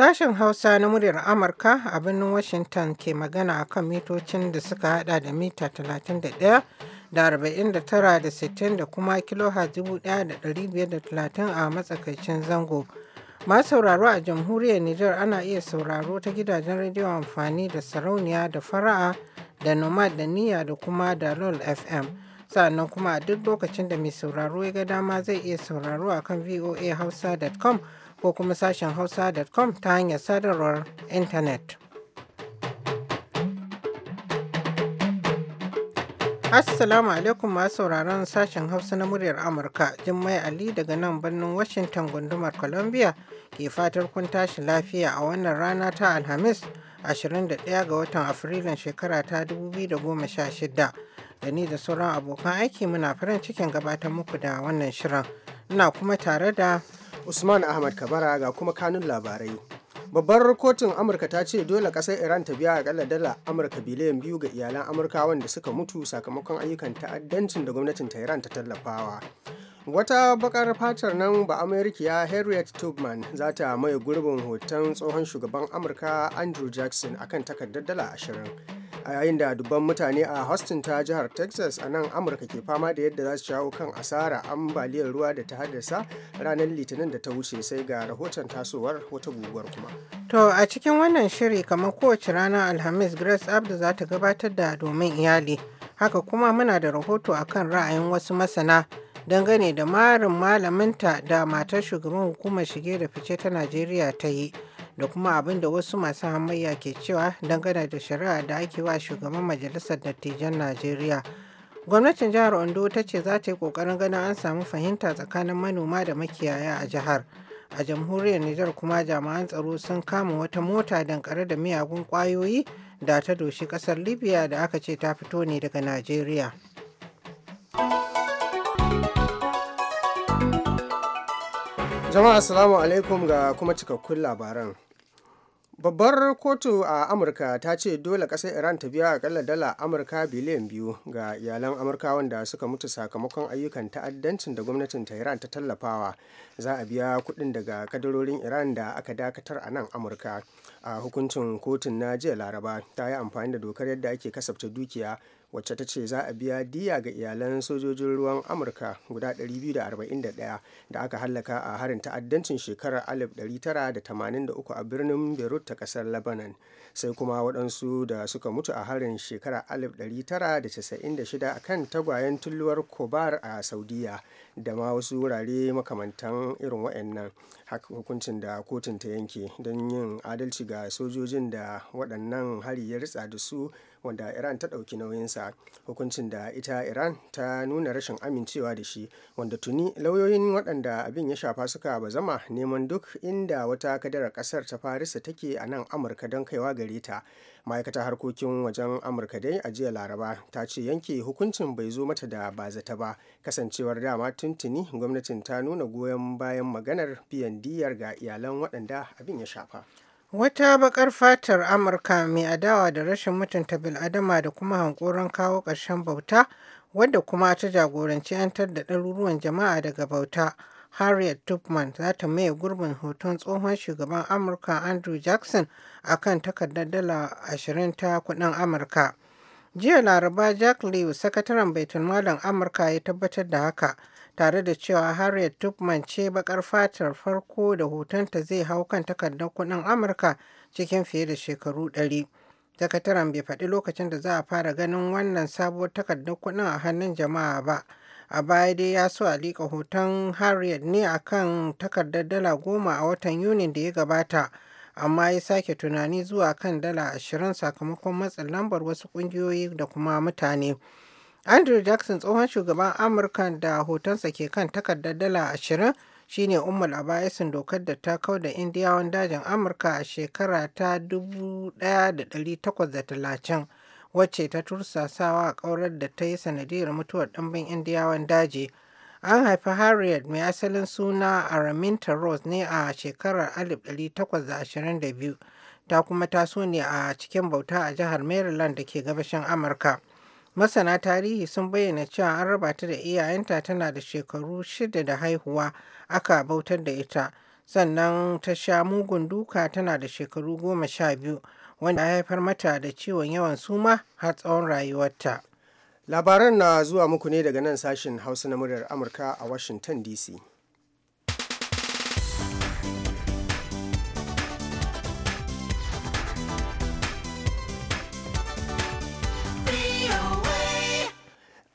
Sashen Hausa na muryar Amurka a birnin Washington ke magana a kan mitocin da suka hada da mita 31 da 49 da 60 da kuma kilohertz 1530 a matsakaicin zango. Masu sauraro a jamhuriyar Nijar ana iya sauraro ta gidajen rediyo amfani da sarauniya da fara'a da nomad da niya da kuma da lol fm sannan kuma a duk lokacin da mai sauraro ya ga dama zai iya sauraro a kan voahausa.com ko kuma sashen hausa.com ta hanyar sadarwar intanet. Assalamu alaikum masu sauraron sashen Hausa na muryar Amurka, Jummai Ali daga nan birnin Washington gundumar Columbia ke fatar kun tashi lafiya a wannan rana ta Alhamis 21 ga watan Afrilun shekara ta 2016. Da ni da sauran abokan aiki muna farin cikin gabatar muku da wannan shirin. Ina kuma tare da Usman Ahmad Kabara ga kuma kanun labarai. Babbar kotun Amurka ta ce dole kasar Iran ta biya akalla dala Amurka biliyan biyu ga iyalan Amurka wanda suka mutu sakamakon ayyukan ta'addancin da gwamnatin ta Iran ta tallafawa. Wata bakar fatar nan ba Amerikiya Harriet Tubman za ta mai gurbin hoton tsohon shugaban Amurka Andrew Jackson akan takardar dala ashirin. a yayin da dubban mutane a Houston ta jihar Texas a nan Amurka ke fama da yadda za su shawo kan asara ambaliyar ruwa da ta haddasa ranar Litinin da ta wuce sai ga rahoton tasowar wata guguwar kuma. To a cikin wannan shiri kamar kowace ranar Alhamis Grace Abdu za ta gabatar da domin iyali. Haka kuma muna da rahoto akan ra'ayin wasu masana dangane da marin malaminta da matar shugaban hukumar shige da fice ta Najeriya ta yi. da kuma abin da wasu masu hamayya ke cewa dangane da shari'a da ake wa shugaban majalisar dattijan najeriya gwamnatin jihar ondo ta ce za ta yi kokarin ganin an samu fahimta tsakanin manoma da makiyaya a jihar a jamhuriyar nijar kuma jami'an tsaro sun kama wata mota dankare da miyagun kwayoyi da ta doshi kasar libya da aka ce ta fito ne daga najeriya jama'a assalamu alaikum ga kuma cikakkun labaran babbar kotu a amurka ta ce dole kasar iran ta biya akalla dala amurka biliyan biyu ga iyalan amurka wanda suka mutu sakamakon ayyukan ta'addancin da gwamnatin tehran ta tallafawa za a biya kudin daga kadarorin iran da aka dakatar a nan amurka a hukuncin kotun na jiya laraba ta yi amfani da dokar yadda ake kasafta dukiya wacce ta ce za a biya diya ga iyalan sojojin ruwan amurka guda 241 da aka hallaka a harin ta'addancin shekarar 1983 a birnin beirut ta kasar lebanon sai kuma waɗansu da suka mutu a harin shekarar 1996 a kan tagwayen tulluwar kobar a saudiya da ma wasu wurare makamantan irin waɗannan hukuncin da kotun ta yanke don yin adalci ga sojojin da waɗannan hari ya ritsa da su wanda iran ta ɗauki nauyinsa hukuncin da ita iran ta nuna rashin amincewa da shi wanda tuni lauyoyin waɗanda abin ya shafa suka ba zama neman duk inda wata kadarar ƙasar ta farisa take a nan amurka don kaiwa gare ta ma'aikatar harkokin wajen amurka dai a jiya laraba ta ce yanke hukuncin bai zo mata da bazata ba kasancewar dama tuntuni gwamnatin ta nuna goyon bayan maganar biyan diyar ga iyalan waɗanda abin ya shafa Wata baƙar fatar Amurka mai adawa da rashin mutunta bil'adama da kuma hankoron kawo ƙarshen bauta, wadda kuma ta jagoranci 'yantar da ɗaruruwan jama'a daga bauta, Harriet Tubman za ta maye gurbin hoton tsohon shugaban Amurka Andrew Jackson a kan takardar dala 20 ta kuɗin Amurka. Jiya Laraba Jack Lew, sakataren malam Amurka ya tabbatar da haka tare da cewa Harriet Tubman ce bakar fatar farko da hotonta zai hau kan takardar kuɗin Amurka cikin fiye da shekaru ɗari. Sakataren bai faɗi lokacin da za a fara ganin wannan sabuwar takardar kuɗin a hannun jama'a ba. A baya dai ya so a liƙa hoton Harriet ne a kan takardar dala goma a watan Yuni da ya gabata, amma ya sake tunani zuwa kan dala ashirin sakamakon matsin lambar wasu ƙungiyoyi da kuma mutane. Andrew Jackson tsohon shugaban Amurka da hotonsa ke kan takardar dala ashirin shine ummul aba'isin dokar da ta kau da indiyawan dajin Amurka a shekara ta 1830 wacce ta tursasawa a ƙaurar da ta yi sanadiyar mutuwar ɗimbin indiyawan daji. An haifi Harriet mai asalin suna Araminta Rose ne a shekarar 1822 ta kuma taso ne a cikin bauta a jihar Maryland da ke gabashin Amurka. Masana tarihi sun bayyana cewa an raba ta da iyayenta tana da shekaru shida da haihuwa aka bautar da ita, sannan ta sha mugun duka tana da shekaru goma sha biyu, wanda ya haifar mata da ciwon yawan suma har tsawon rayuwarta. Labaran na zuwa muku ne daga nan sashen Hausa na muryar Amurka a Washington DC.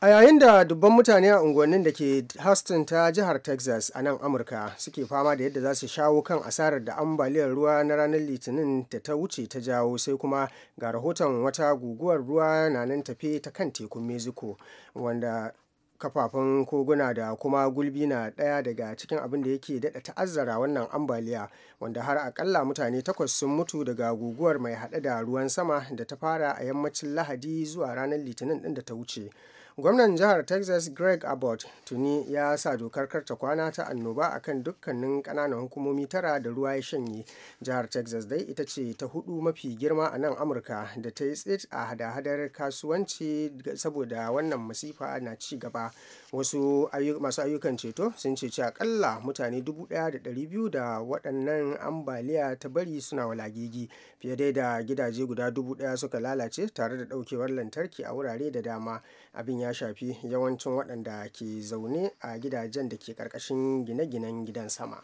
a yayin da dubban mutane a unguwannin da ke Houston ta jihar Texas a nan Amurka suke fama da yadda za su shawo kan asarar da ambaliyar ruwa na ranar Litinin da ta wuce ta jawo sai kuma ga rahoton wata guguwar ruwa na nan tafe ta kan tekun Mexico wanda kafafen koguna da kuma gulbi na ɗaya daga cikin abin da yake daɗa ta'azzara wannan ambaliya wanda har akalla mutane takwas sun mutu daga guguwar mai haɗe da ruwan sama da ta fara a yammacin lahadi zuwa ranar litinin din da ta wuce gwamnan jihar texas greg abbott tuni ya sa dokar karta kwana ta annoba a kan dukkanin kananan hukumomi tara da ruwa ya shanye jihar texas dai ita ce ta hudu mafi girma a nan amurka da ta yi tsit a hada-hadar kasuwanci saboda wannan masifa na ci gaba wasu masu ayyukan ceto sun ceci akalla mutane 1,200 da waɗannan ambaliya ta bari suna walagigi fiye dai da gidaje guda 1,000 suka lalace tare da ɗaukewar lantarki a wurare da dama abin ya shafi yawancin waɗanda ke zaune a gidajen da ke ƙarƙashin gine-ginen gidan sama.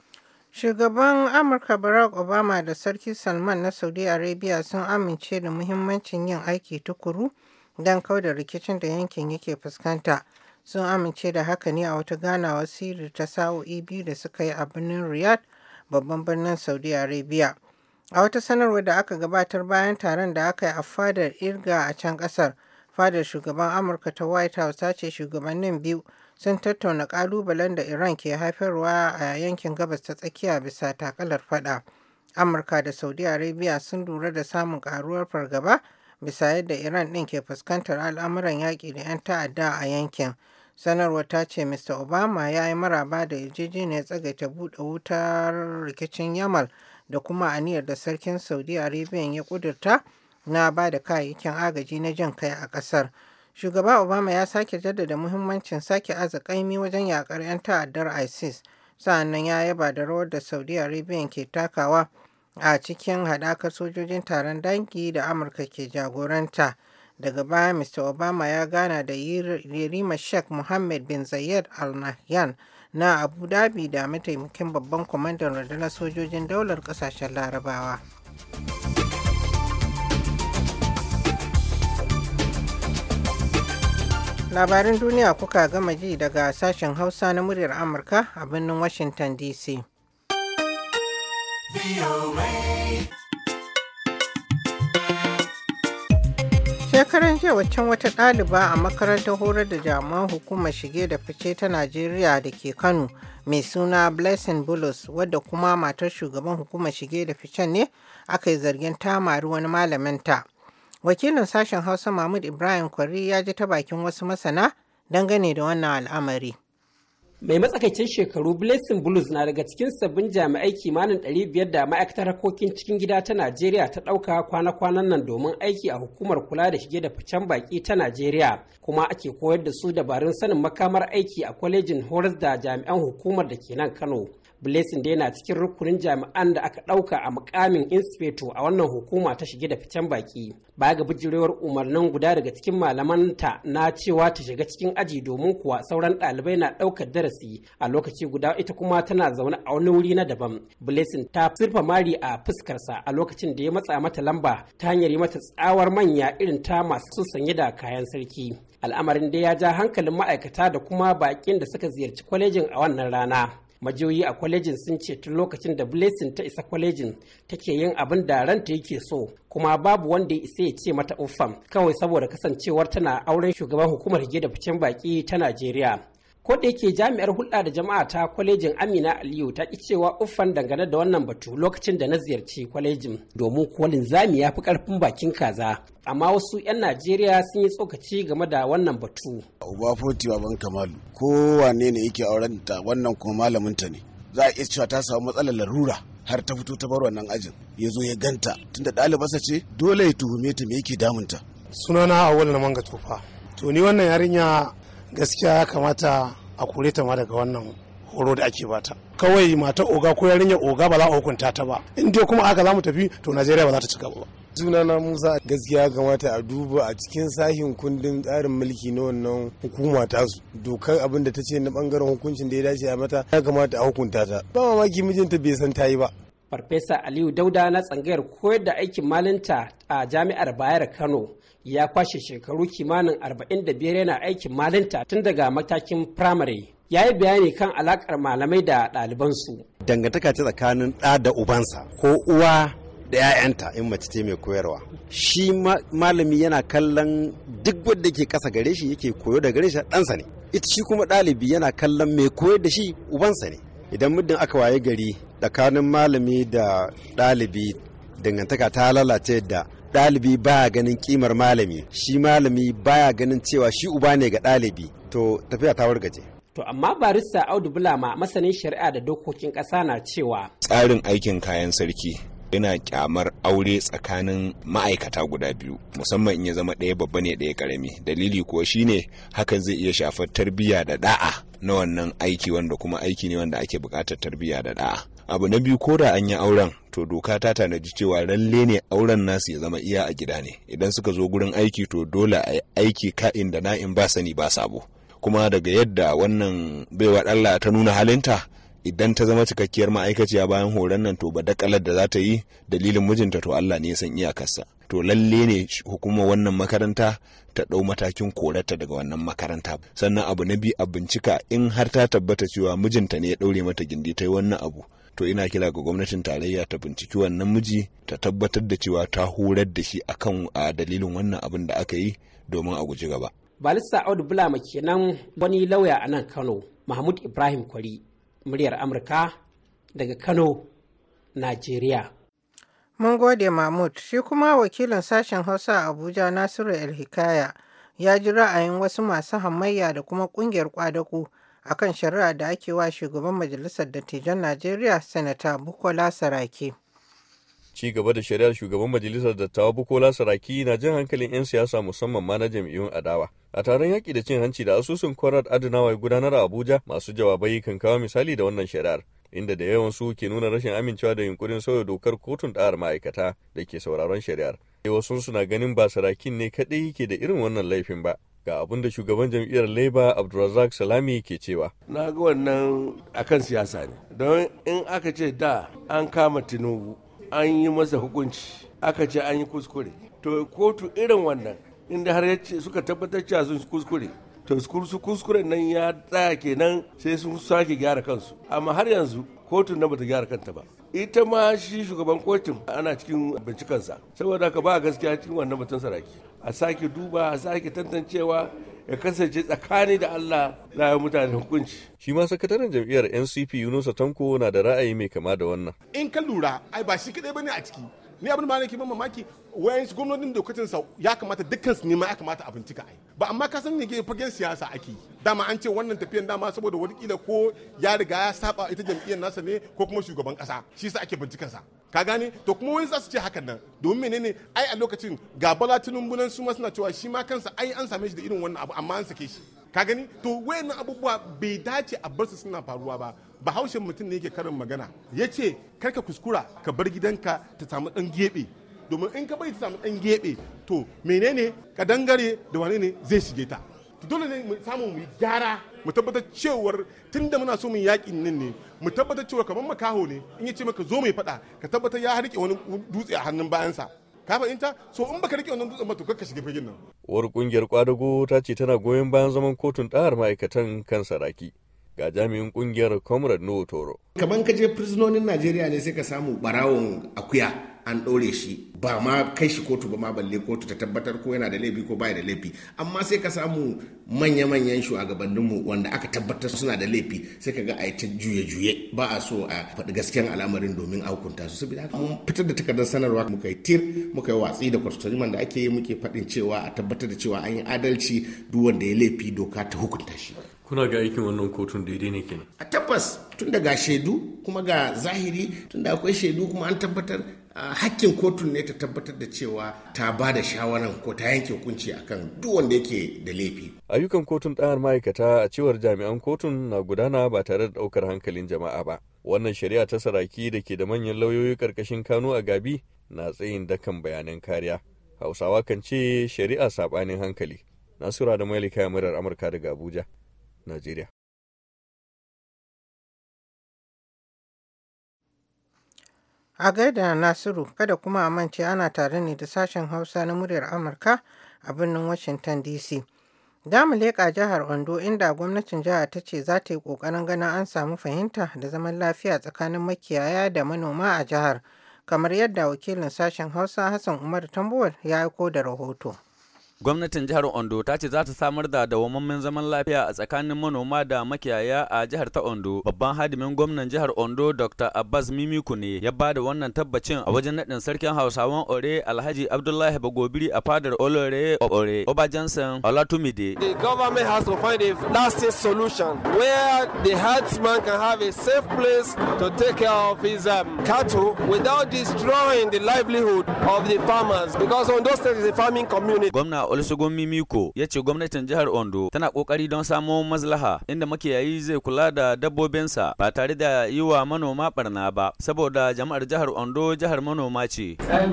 Shugaban Amurka Barack Obama da Sarki Salman na Saudi Arabia sun amince da muhimmancin yin aiki tukuru don kauda rikicin da yankin yake fuskanta sun amince da haka ne a wata ganawar sirri ta sa'o'i biyu da suka yi a birnin riyadh babban birnin saudi arabia a wata sanarwar da aka gabatar bayan taron da aka yi a fadar irga a can kasar fadar shugaban amurka ta white house ta ce shugabannin biyu sun tattauna kalubalen da iran ke haifarwa a yankin gabas ta tsakiya bisa takalar fada amurka da saudi arabia sun lura da samun karuwar fargaba bisa yadda Iran ɗin ke fuskantar al'amuran yaƙi da 'yan ta'adda a yankin. sanarwa ta ce Mr. Obama ya yi maraba da yarjejeniyar tsagaita buɗe wutar rikicin Yamal da kuma aniyar da sarkin Saudi Arabia ya ƙudurta na ba da kayayyakin agaji na jin kai a ƙasar. Shugaba Obama ya sake jaddada muhimmancin sake azakaimi wajen yaƙar 'yan ta'addar ISIS. Sa'annan ya yaba da rawar da Saudi Arabia ke takawa a cikin haɗakar sojojin taron dangi da amurka ke jagoranta daga baya mr obama ya gana da yerima sheikh mohammed bin zayed al nahyan na abu dhabi da mataimakin babban kwamandan rundunar sojojin daular ƙasashen larabawa labarin duniya kuka gama ji daga sashen hausa na muryar amurka a birnin washington dc Shekaran jiya waccan wata ɗaliba a makarantar horar da jami'an hukumar shige da fice ta Najeriya da ke Kano mai suna Blessing Bulus wadda kuma matar shugaban hukumar shige da fice ne aka yi zargin tamari wani malaminta. Wakilin sashen Hausa Mahmud Ibrahim Kwari ya ji ta bakin wasu masana dangane da wannan al'amari. mai matsakaicin shekaru blessing blues na daga cikin sabbin jami'ai kimanin 500 da ma'aikatar harkokin cikin gida ta najeriya ta ɗauka kwana-kwanan nan domin aiki a hukumar kula da shige da ficen baki ta najeriya kuma ake koyar da su dabarun sanin makamar aiki a kwalejin horas da jami'an hukumar da ke nan kano blessing da yana cikin rukunin jami'an da aka ɗauka a mukamin inspeto a wannan hukuma ta shige da ficen baki baya ga bijirewar umarnin guda daga cikin malaman ta na cewa ta shiga cikin aji domin kuwa sauran ɗalibai na ɗaukar darasi a lokaci guda ita kuma tana zaune a wani wuri na daban blessing ta surfa mari a fuskarsa a lokacin da ya matsa mata lamba ta hanyar yi mata tsawar manya irin ta masu sanye da kayan sarki al'amarin da ya ja hankalin ma'aikata da kuma baƙin da suka ziyarci kwalejin a wannan rana majiyoyi a kwalejin sun ce tun lokacin da blessing ta isa kwalejin take yin abin da ranta yake so kuma babu wanda ya isa ya ce mata uffam kawai saboda kasancewar tana auren shugaban hukumar da ficen baki ta najeriya ko da yake jami'ar hulɗa da jama'a ta kwalejin amina aliyu ta ƙi cewa uffan dangane da wannan batu lokacin da na ziyarci kwalejin domin kolin zami ya fi ƙarfin bakin kaza amma wasu 'yan najeriya sun yi tsokaci game da wannan batu uba foti baban kamalu kowane ne yake auren ta wannan kuma malamin ta ne za a iya cewa ta samu matsalar larura har ta fito ta bar wannan ajin ya zo ya ganta tunda ɗalibarsa ce dole ya tuhume ta me yake damunta sunana awal na manga tofa to ni wannan yarinya gaskiya ya kamata a kore ta ma daga wannan horo da ake bata kawai mata oga ko yarinyar oga ba za a hukunta ta ba in dai kuma aka za mu tafi to najeriya ba za ta ci gaba ba na musa gaskiya kamata a duba a cikin sahin kundin tsarin mulki na wannan hukuma su, dokar abinda da ta ce na bangaren hukuncin da ya dace a mata ya kamata a hukunta ta ba mamaki mijinta bai san ta yi ba farfesa aliyu dauda na tsangayar koyar da aikin malinta a jami'ar bayar kano ya kwashe shekaru kimanin 45 yana aikin malinta tun daga matakin firamare ya yi bayani kan alakar malamai da ɗalibansu dangantaka ta tsakanin ɗa da ubansa ko uwa da 'ya'yanta in mace ce mai koyarwa shi malami yana kallon duk wanda ke kasa gare shi yake koyo da gare shi ɗansa ne ita shi kuma ɗalibi yana kallon mai koyar da shi ubansa ne idan muddin aka waye gari tsakanin malami da ɗalibi dangantaka ta lalace da ɗalibi baya ganin kimar malami shi malami baya ganin cewa shi uba ne ga ɗalibi to tafiya ta wargaje To amma barista Audu Bulama masanin shari'a da dokokin ƙasa na cewa tsarin aikin kayan sarki yana kyamar aure tsakanin ma'aikata guda biyu musamman in ya zama ɗaya babba ne ɗaya ƙarami dalili kuwa shine hakan zai iya shafar tarbiyya da da'a na wannan aiki wanda kuma aiki ne wanda ake buƙatar tarbiyya da da'a abu na biyu ko da an yi auren to doka ta tanaji cewa lalle ne auren nasu ya zama iya a gida ne idan suka zo gurin aiki to dole a aiki ka'in da na'in ba sani ba sabo kuma daga yadda wannan baiwa Allah ta nuna halinta idan ta zama cikakkiyar ma'aikaciya bayan horon nan to ba dakalar da za ta yi dalilin mijinta to Allah ne ya san iyakarsa to lalle ne hukumar wannan makaranta ta ɗau matakin korarta daga wannan makaranta sannan abu na biyu a bincika in har ta tabbata cewa mijinta ne ya ɗaure mata gindi ta yi wannan abu to ina kira ga gwamnatin tarayya ta binciki wannan miji ta tabbatar da cewa ta horar da shi akan a dalilin wannan abin da aka yi domin a guji gaba balista audu bulama kenan wani lauya a nan kano mahmud ibrahim kwari muryar amurka daga kano najeriya mun gode mahmud shi kuma wakilin sashen hausa abuja nasiru el hikaya ya ji ra'ayin wasu masu hamayya da kuma kungiyar kwadako akan shari'a da ake wa shugaban majalisar dattijan Najeriya Sanata Bukola Saraki. Ci gaba da shari'ar shugaban majalisar dattawa Bukola Saraki na jan hankalin 'yan siyasa musamman ma na jam'iyyun adawa. A taron yaƙi da cin hanci da asusun korat Adinawa ya gudanar a Abuja masu jawabai kan kawo misali da wannan shari'ar. inda da yawan su ke nuna rashin amincewa da yunkurin sauya dokar kotun ɗa'ar ma'aikata da ke sauraron shari'ar. Wasu suna ganin ba sarakin ne kaɗai ke da irin wannan laifin ba, ga abin da shugaban jam'iyyar labour abdulrazak salami ke cewa na ga wannan akan siyasa ne don in aka ce da an kama tinubu an yi masa hukunci aka ce an yi kuskure to kotu irin wannan inda har yace suka tabbatar cewa sun kuskure to su kuskuren nan ya tsaya kenan sai sun sake gyara kansu amma har yanzu kotun na bata gyara kanta ba ita ma shi shugaban kotun ana cikin bincikansa saboda haka ba gaskiya cikin wannan batun saraki a sake duba a sake tantancewa ya kasance tsakani da Allah na yi mutane hukunci. Shi ma sakataren jam'iyyar NCP Yunusa Tanko na da ra'ayi mai kama da wannan. In ka lura, ai ba shi kaɗai bane a ciki. ni abin ma nake ban mamaki su gwamnatin da sa ya kamata dukkan su nema ya kamata a bincika ai ba amma ka san ne fagen siyasa ake dama an ce wannan tafiyan dama saboda wani kila ko ya riga ya saba ita jam'iyyar nasa ne ko kuma shugaban kasa shi sa ake bincikan sa ka gane to kuma wani za su ce hakan nan domin menene ai a lokacin ga bala tinubu su ma suna cewa shi ma kansa ai an same shi da irin wannan abu amma an sake shi ka gani to wayannan abubuwa bai dace a bar su suna faruwa ba bahaushen mutum ne yake karin magana ya ce karka kuskura ka bar gidanka ta samu dan gebe domin in ka bai ta samu ɗan gebe to menene ka dangare da wane ne zai shige ta dole ne mu samu mu gyara mu tabbatar cewar tunda muna so mu yakin nan ne mu tabbatar cewa kamar makaho ne in ya ce maka zo mai fada ka tabbatar ya harke wani dutse a hannun bayansa ka fahimta so in baka rike wannan dutsen ba to ka shige fagen nan uwar kungiyar kwadago ta ce tana goyon bayan zaman kotun ɗahar ma'aikatan kan saraki ga jami'in kungiyar comrade nuhu toro kaman ka je prisonin najeriya ne sai ka samu barawon akuya an ɗore shi ba ma kai shi kotu ba ma balle kotu ta tabbatar ko yana da laifi ko baya da laifi amma sai ka samu manya-manyan shugabanninmu wanda aka tabbatar suna da laifi sai ka ga a yi ta juye-juye ba a so a faɗi gaskiyan al'amarin domin a hukunta su saboda haka mun fitar da takardar sanarwa muka yi tir muka yi watsi da kwastoriman da ake yi muke faɗin cewa a tabbatar da cewa an yi adalci duk wanda ya laifi doka ta hukunta shi kuna ga aikin wannan kotun daidai ne kenan a tabbas tun daga shaidu kuma ga zahiri tun da akwai shaidu kuma an tabbatar hakkin kotun ne ta tabbatar da cewa ta ba da shawaran ko ta yanke hukunci akan duk wanda yake da laifi. Ayyukan kotun ɗayar ma'aikata a cewar jami'an kotun na gudana ba tare da ɗaukar hankalin jama'a ba. Wannan shari'a ta saraki da ke da manyan lauyoyi karkashin Kano a Gabi na tsayin dakan bayanan kariya. Hausawa kan ce shari'a saɓanin hankali. Nasura da Mailika Murar Amurka daga Abuja. najeriya a gaida nasiru kada kuma a mance ana tare ne da sashen hausa na muryar amurka a birnin washington dc damu leƙa jihar ondo inda gwamnatin jihar ta ce za ta yi ƙoƙarin ganin an samu fahimta da zaman lafiya tsakanin makiyaya da manoma a jihar kamar yadda wakilin sashen hausa hassan umar tambuwal ya aiko da rahoto Gwamnatin jihar Ondo ta ce za ta samar da dawwammamin zaman lafiya a tsakanin manoma da makiyaya a jihar ta Ondo. Babban hadimin gwamnan jihar Ondo Dr. Abbas Mimiku ne ya ba da wannan tabbacin a wajen naɗin sarkin Hausawan Ore Alhaji Abdullahi Bagobiri a fadar Olore Ore Oba Jansen Olatumide. The government has to find a lasting solution where the herdsman can have a safe place to take care of his um, cattle without destroying the livelihood of the farmers because Ondo State is a farming community. Gwamna Olusegun Mimiko ya ce gwamnatin jihar Ondo tana kokari don samo maslaha inda makiyayi zai kula da dabbobinsa ba tare da yi wa manoma barna ba saboda jama'ar jihar Ondo jihar manoma ce. Eh,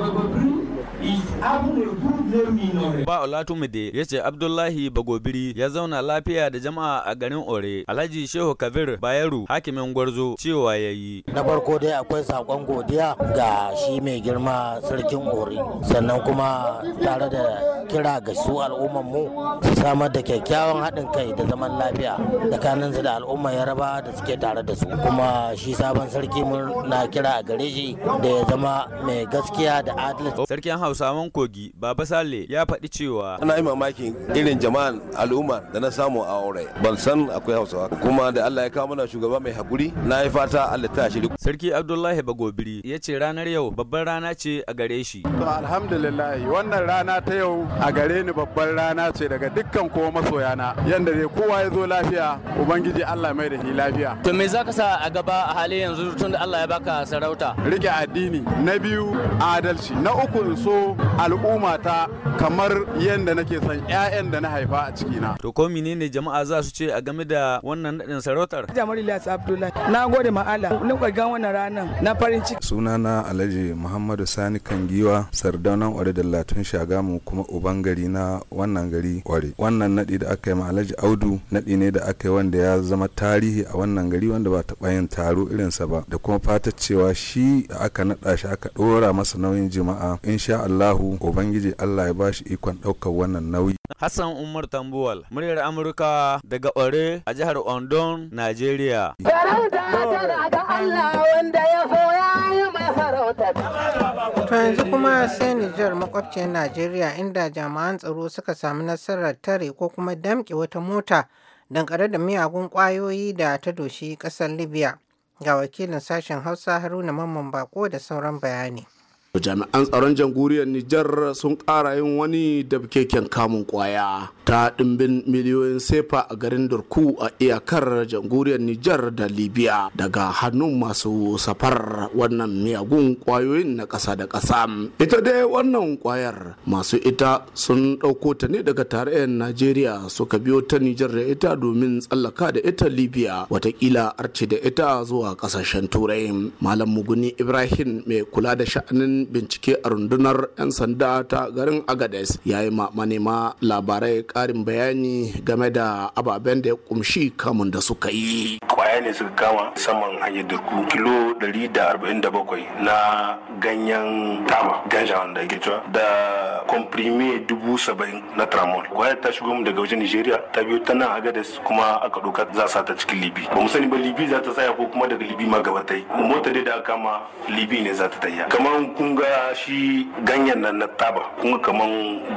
Ba Olatunmide ya ce Abdullahi Bagobiri ya zauna lafiya da jama'a a garin Ore. Alhaji Shehu Kabir Bayeru hakimin Gwarzo cewa ya yi. Na farko dai akwai sakon godiya ga shi mai girma sarkin Ore sannan kuma tare da kira ga su al'ummanmu mu su samar da kyakkyawan haɗin kai da zaman lafiya tsakanin su da al'umma raba da suke tare da su kuma shi sabon sarki mun na kira a gare shi da ya zama mai gaskiya da adalci. Sarkin Hausawan Kogi Baba Sale ya faɗi cewa ana yi mamakin irin jama'an al'umma da na samu a aure ban san akwai Hausawa kuma da Allah ya kawo mana shugaba mai hakuri na yi fata Allah ta shiri Sarki Abdullahi Bagobiri ya ce ranar yau babban rana ce a gare shi to alhamdulillah wannan rana ta yau a gare ni babban rana ce daga dukkan kowa na. yanda dai kowa ya zo lafiya ubangiji Allah mai da shi lafiya to me zaka sa a gaba a halin yanzu tun da Allah ya baka sarauta rike addini na biyu adalci na uku so al'umma ta kamar yadda nake son 'ya'yan da na haifa a cikina. To ko menene jama'a za su ce a game da wannan naɗin sarautar? Jamar Ilyas Abdullahi. Na gode ma Allah. Ni ga wannan ranar na farin ciki. Sunana Alhaji Muhammadu Sani Kangiwa Sardaunan Ware da Latun Shagamu kuma uban gari na wannan gari Ware. Wannan naɗi da aka yi ma Alhaji Audu naɗi ne da aka yi wanda ya zama tarihi a wannan gari wanda ba taɓa yin taro irinsa ba da kuma fata cewa shi da aka naɗa shi aka ɗora masa nauyin jima'a insha Allahu Ubangiji Allah Allah ya bashi ikon ɗaukar wannan nauyi. Hassan Umar Tambuwal, muryar Amurka daga Ɓare a jihar Ondon, Najeriya. Farauta To yanzu kuma sai Nijar makwabciyar Najeriya inda jami'an tsaro suka samu nasarar tare ko kuma damƙe wata mota dankare da miyagun ƙwayoyi da ta doshi ƙasar Libya. Ga wakilin sashen Hausa Haruna Mamman Bako da sauran bayani. jami'an tsaron jamhuriyar nijar sun ƙara yin wani da kamun kwaya ta ɗimbin miliyoyin sefa a garin Durku a iyakar jamhuriyar Nijar da Libya daga hannun masu safar wannan miyagun kwayoyin na ƙasa da ƙasa. Ita dai wannan kwayar masu ita sun ɗauko ta ne daga tarayyar Najeriya suka biyo ta Nijar da ita domin tsallaka da ita Libya watakila arce da ita zuwa ƙasashen Turai. Malam Muguni Ibrahim mai kula da sha'anin bincike a rundunar 'yan sanda ta garin Agades ya yi ma manema labarai ƙarin bayani game da ababen da ya kumshi kamun da suka yi. kwaya ne suka kama saman hanyar durku kilo 147 na ganyen taba ganja wanda ake cewa da komprime dubu saba'in na tramol kwaya ta shigo mu daga wajen nigeria ta biyu ta nan agadas kuma aka doka za sa ta cikin libi ba mu sani ba libi za ta tsaya ko kuma daga libi ma gaba ta yi mota dai da aka kama libi ne za ta tayya kamar kun ga shi ganyen nan na taba kun kamar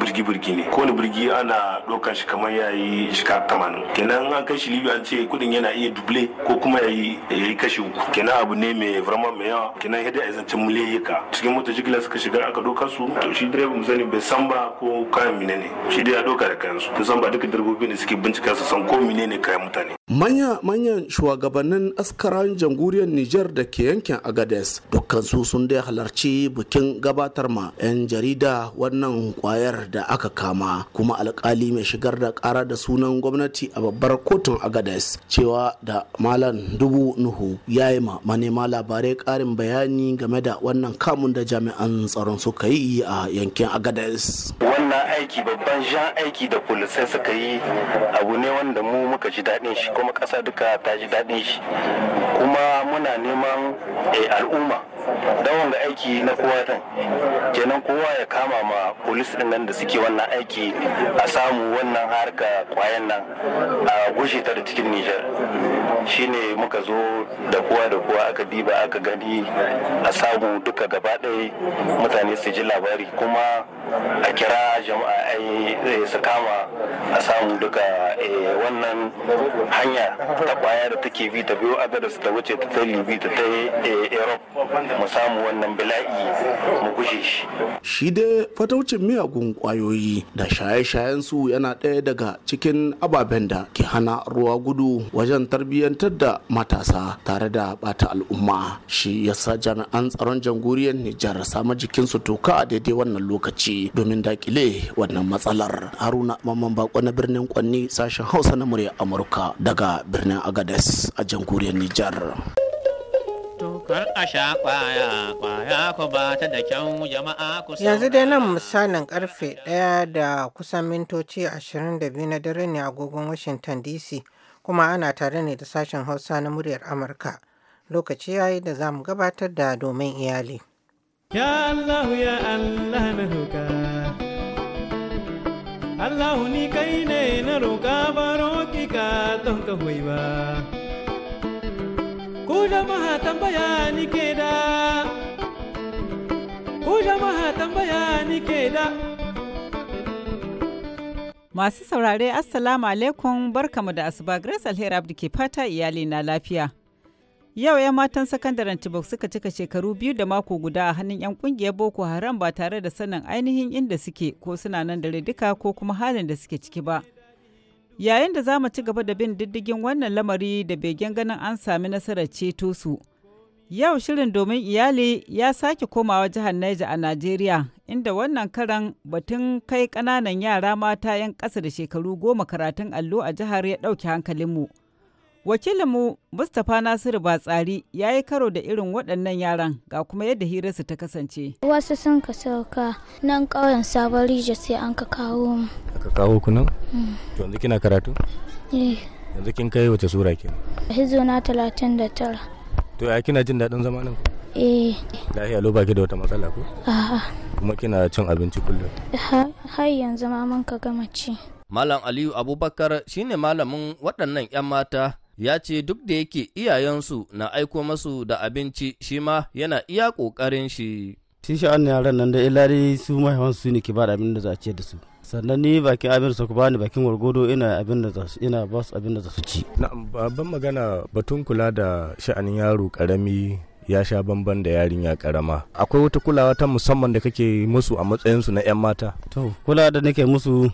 birgi-birgi ne kowane birgi ana ɗaukar shi kamar yayi shika tamanin kenan an kai shi libi an ce kudin yana iya duble ko kuma ya yi kashi uku kenan abu ne mai vrama mai yawa kenan yadda ya zance ka. cikin mota jigila suka shiga aka doka su to shi direba mu sani bai san ba ko kayan mine ne shi dai ya doka da kayan su san ba duka direbobi ne suke bincika su san ko mine kayan mutane manya-manyan shugabannin askaran jamhuriyar Nijar da ke yankin agades dukkansu sun dai halarci bikin gabatar ma 'yan jarida wannan kwayar da aka kama kuma alkali mai shigar da kara da sunan gwamnati a babbar kotun agades cewa da malan dubu nuhu ya yi ma manema labarai karin bayani game da wannan kamun da jami'an tsaron suka yi a yankin agades wannan aiki babban sha aiki da polisai suka yi abu ne wanda mu muka ji daɗin shi kuma ƙasa duka ta ji daɗin shi kuma muna neman eh, al'umma don wanga aiki na kowa ɗin kenan kowa ya kama ma polis ɗin nan da suke wannan aiki a samu wannan harka kwayan nan a gushe ta da cikin nijar shine muka zo da kowa da kowa aka diba aka gani a samu duka gaba ɗaya mutane su ji labari kuma a kira jama'a eh, su kama a samu duka eh, wannan hanya ta kwaya da take bi ta biyo su ta wuce ta ta libi ta ta europe mu samu wannan bila'i mu gushe shi shi dai fataucin miyagun kwayoyi da shaye-shayen su yana ɗaya daga cikin ababen da ke hana ruwa gudu wajen tarbiyyar tarbiyyantar da matasa tare da bata al'umma shi yasa jami'an tsaron jamhuriyar Nijar jikin su toka a daidai wannan lokaci domin dakile wannan matsalar haruna mamman bako na birnin kwanni sashen hausa na murya amurka daga birnin agadas a janguriyar Nijar. Kar a sha kwaya, kwaya ku ba kyau jama'a ku Yanzu dai nan misalin karfe ɗaya da kusan mintoci 22 na dare ne a agogon Washington DC. kuma ana tare ne da sashen Hausa na muryar Amurka. Lokaci yayi da za mu gabatar da domin iyali. Ya Allah ya Allah na roƙa. Allah ni kai ne na roƙa ba roƙi ka don ka hoi ba. Ku jama'a tambaya ni ke da. Ku jama'a tambaya ni ke da. Masu saurare Assalamu alaikum barkamu da asuba Grace Alheri Abdi ke fata iyali na lafiya. Yau 'yan matan sakandaren Chibok suka cika shekaru biyu da mako guda a hannun 'yan kungiyar Boko Haram ba tare da sanin ainihin inda suke ko suna nan dare duka ko kuma halin da suke ciki ba. Yayin da za mu ci gaba da bin diddigin wannan lamari da begen ganin an sami nasarar ceto su. Yau shirin domin iyali ya sake komawa jihar Niger a Najeriya, inda wannan karan batun kai ƙananan yara mata 'yan ƙasa da shekaru goma karatun allo a jihar ya ɗauke hankalinmu. Wakilinmu Mustapha Nasiru Batsari ya yi karo da irin waɗannan yaran ga kuma yadda hirarsu ta kasance. Wasu sun ka sauka nan ƙauyen sabon sai an ka kawo mu. Ka kawo ku nan? Mm. Yanzu kina karatu? Eh. Yanzu kin kai wace sura ke? na talatin da tara. to ya kina jin daɗin zama nan lahiya eh. lafiya lo baki da wata matsala ko kuma kina cin abinci kullum har yanzu ma mun ka gama ci malam aliyu abubakar shine malamin waɗannan 'yan mata ya ce duk da yake iyayensu na aiko masu da abinci shi ma yana iya ƙoƙarin shi. Shi sha'an yaran nan da ilari su mahaifansu ne ke ba da abin da za a ce da su. sannan ni bakin abin su ku bani bakin wargodo ina abin da ina ba su abin da zasu ci na'am babban magana batun kula da sha'anin yaro karami ya sha bamban da yarinya karama akwai wata kulawa ta musamman da kake musu a matsayinsu na 'yan mata to kula da nake musu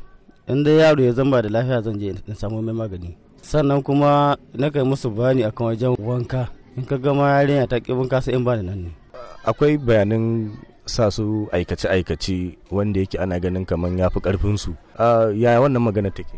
in dai yaro ya zamba da lafiya zan je in samu mai magani sannan kuma nake musu bani akan wajen wanka in ka gama yarinya ta kibin kasa in bani nan ne akwai bayanin sa su aikace-aikace wanda yake ana ganin kamar ya fi ƙarfinsu yaya wannan magana take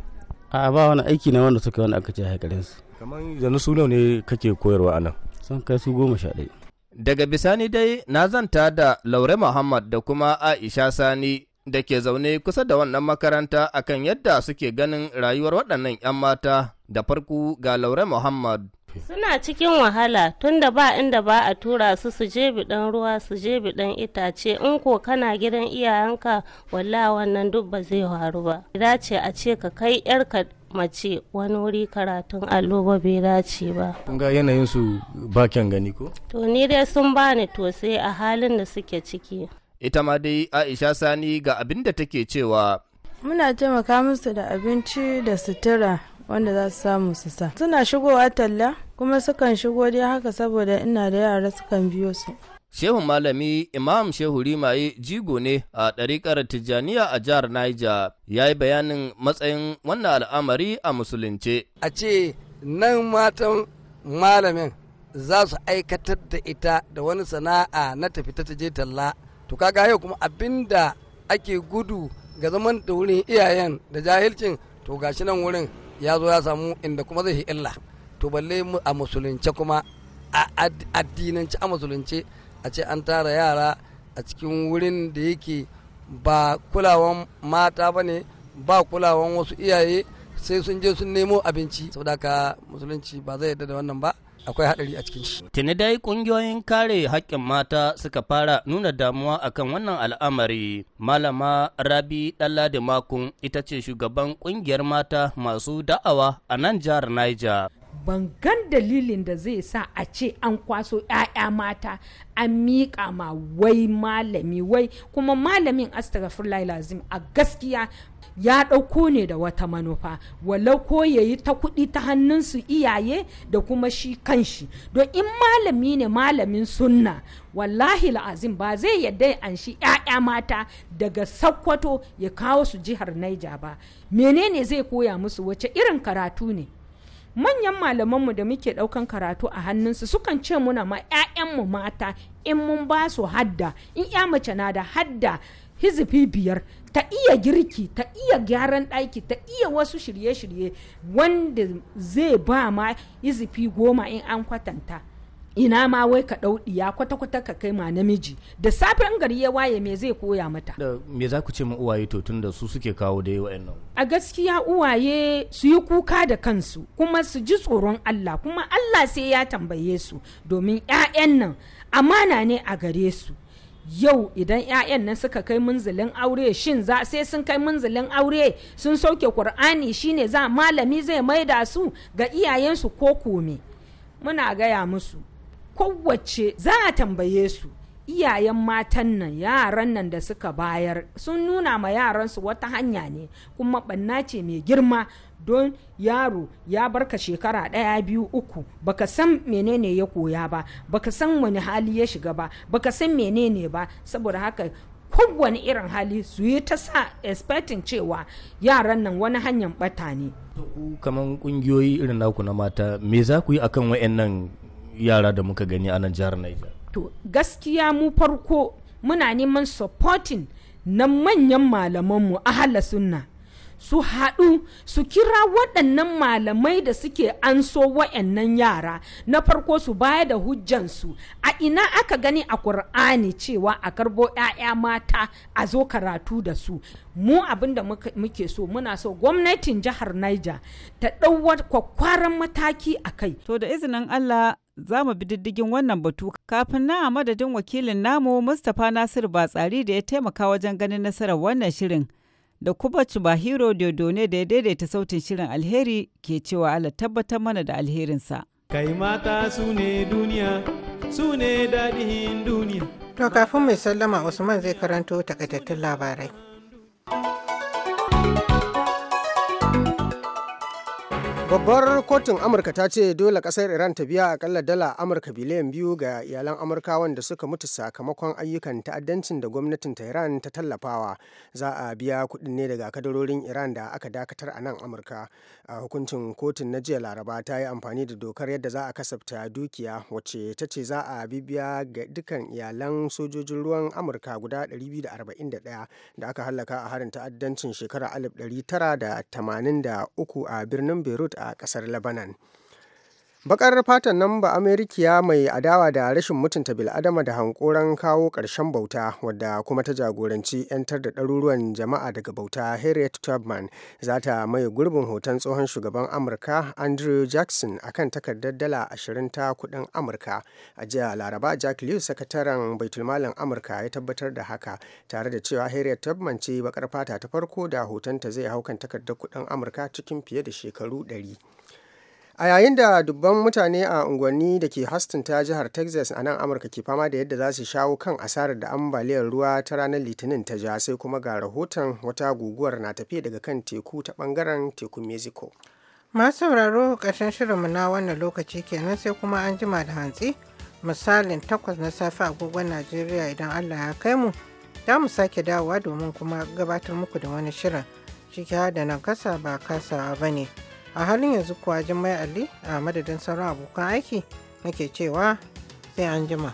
a ba wani aiki na wanda suka wani aka ce su kamar yanzu su ne kake koyarwa anan sun kai su goma sha ɗaya daga bisani dai na zanta da laure muhammad da kuma aisha sani da ke zaune kusa da wannan makaranta akan yadda suke ganin rayuwar waɗannan 'yan mata da farko ga laure muhammad Suna cikin wahala tunda ba inda ba a tura su su je bidan ruwa su je bidan itace in ko kana gidan iyayenka walla wannan duk ba zai faru ba. Dace a ce ka kai yarka mace wani wuri karatun allo ba bai dace ba. Kun ga yanayin su ba kyan gani ko? To ni dai sun bani to sai a halin da suke ciki. Ita ma dai Aisha Sani ga abin take cewa. Muna taimaka musu da abinci da sutura wanda za su samu su sa suna shigowa talla kuma sukan shigo dai haka saboda ina da yara sukan biyo su Shehu Malami Imam Shehu Rimaye jigo ne a ɗariƙar Tijjaniya a jihar Niger ya yi bayanin matsayin wannan al'amari a musulunce. A ce nan matan malamin za su aikatar da ita da wani sana'a na tafi ta je talla. To kaga yau kuma abinda ake gudu ga zaman da wurin iyayen da jahilcin to gashi nan wurin ya zo ya samu inda kuma zai illa to balle a musulunce kuma a addinance a musulunce a ce an tara yara a cikin wurin da yake ba kulawan mata ba ne ba kulawan wasu iyaye sai sun je sun nemo abinci saboda ka musulunci ba zai yarda da wannan ba akwai haɗari a cikin shi. Tuni dai ƙungiyoyin kare haƙƙin mata suka fara nuna damuwa akan wannan al'amari. Malama Rabi da Makun ita ce shugaban ƙungiyar mata masu da'awa a nan jihar Niger. ban gan dalilin da zai sa a ce an kwaso 'ya'ya mata an miƙa ma wai malami wai kuma malamin astagfirullah lazim a gaskiya ya ɗauko ne da wata manufa walau ko ya yi ta kuɗi ta hannunsu iyaye da kuma shi kanshi don in malami ne malamin sunna wallahi la'azim ba zai yadda ya anshi 'ya'ya mata daga sakkwato ya kawo su jihar naija ba menene zai koya musu wace irin karatu ne manyan malamanmu da muke ɗaukan karatu a hannunsu sukan ce muna ma 'ya'yanmu mata in mun ba su hadda in 'ya mace na da hadda hizifi biyar ta iya girki ta iya gyaran ɗaki ta iya wasu shirye-shirye wanda zai ba ma izifi goma in an kwatanta ina ma wai ka ɗauɗiya kwata-kwata ka kai ma namiji da an gari ya waye me zai koya mata me za ku ce ma uwaye to tun da su suke kawo da yawa a gaskiya uwaye su yi kuka da kansu kuma su ji tsoron Allah kuma Allah sai ya tambaye su domin 'ya'yan nan amana ne a gare su yau idan 'ya'yan nan suka kai munzulin aure shin za sai sun kai munzulin aure sun sauke ƙur'ani shine za malami zai maida su ga iyayensu ko kome muna gaya musu kowace za a tambaye su iyayen matan nan yaran nan da suka bayar sun nuna ma yaransu wata hanya ne kuma ɓanna ce mai girma don yaro ya barka shekara ɗaya biyu uku baka san menene ya koya ba baka san wani hali ya shiga ba baka san menene ba saboda haka kowane irin hali su yi ta sa expecting cewa yaran nan wani hanyar bata ne kamar kungiyoyi irin naku na mata me za ku yi akan wayannan yara da muka gani a nan jihar Niger to gaskiya mu farko muna neman supporting na manyan malamanmu a sunna su haɗu su kira waɗannan malamai da suke anso waɗannan yara na farko su baya da hujjansu a ina aka gani a ƙur'ani cewa a karbo 'ya'ya mata a zo karatu da su mu abin da muke so muna so gwamnatin jihar Niger ta ɗauwa kwakwaran mataki a kai. To da izinin Allah za mu bi diddigin wannan batu kafin na madadin wakilin namu Mustapha Nasiru Batsari da ya taimaka wajen ganin nasarar wannan shirin. da kuma Chubahiro Dodone da ya daidaita sautin shirin alheri ke cewa Allah tabbatar mana da alherinsa. Kai mata su ne duniya, su ne daɗin duniya. To kafin mai sallama Usman zai karanto takaitattun labarai. Babbar kotun Amurka ta ce dole kasar Iran ta biya akalla dala Amurka biliyan biyu ga iyalan amurka wanda suka mutu sakamakon ayyukan ta'addancin da gwamnatin Tehran ta tallafawa. Za a biya kuɗin ne daga kadarorin Iran da aka dakatar a nan Amurka. A hukuncin kotun na jiya Laraba ta yi amfani da dokar yadda za a kasafta dukiya wacce ta ce za a bibiya ga dukkan iyalan sojojin ruwan Amurka guda 241 da aka hallaka a harin ta'addancin shekarar 1983 a birnin Beirut a ƙasar Lebanon. Baƙar fatan nan ba Amerikiya mai adawa da rashin mutunta bil'adama da hankoran kawo ƙarshen bauta wadda kuma ta jagoranci 'yantar da ɗaruruwan jama'a daga bauta Harriet Tubman za ta maye gurbin hoton tsohon shugaban Amurka Andrew Jackson a kan takardar dala 20 ta kuɗin Amurka. A jiya Laraba Jack Lewis sakataren Baitulmalin Amurka ya tabbatar da haka tare da cewa Harriet Tubman ce bakar fata ta farko da hotonta zai hau kan takardar kuɗin Amurka cikin fiye da shekaru 100. a yayin da dubban mutane a unguwanni da ke Houston ta jihar texas a nan amurka ke fama da yadda za su shawo kan asarar da ambaliyar ruwa ta ranar litinin ta ja sai kuma ga rahoton wata guguwar na tafi daga kan teku ta bangaren tekun mexico masu sauraro karshen shirinmu na wannan lokaci kenan sai kuma an jima da hantsi misalin takwas na safe agogon najeriya idan allah ya kai mu za mu sake dawowa domin kuma gabatar muku da wani shirin ciki da na kasa ba kasawa ba ne. a halin yanzu kuwa jimai ali a madadin sauran abokan aiki nake cewa sai an jima.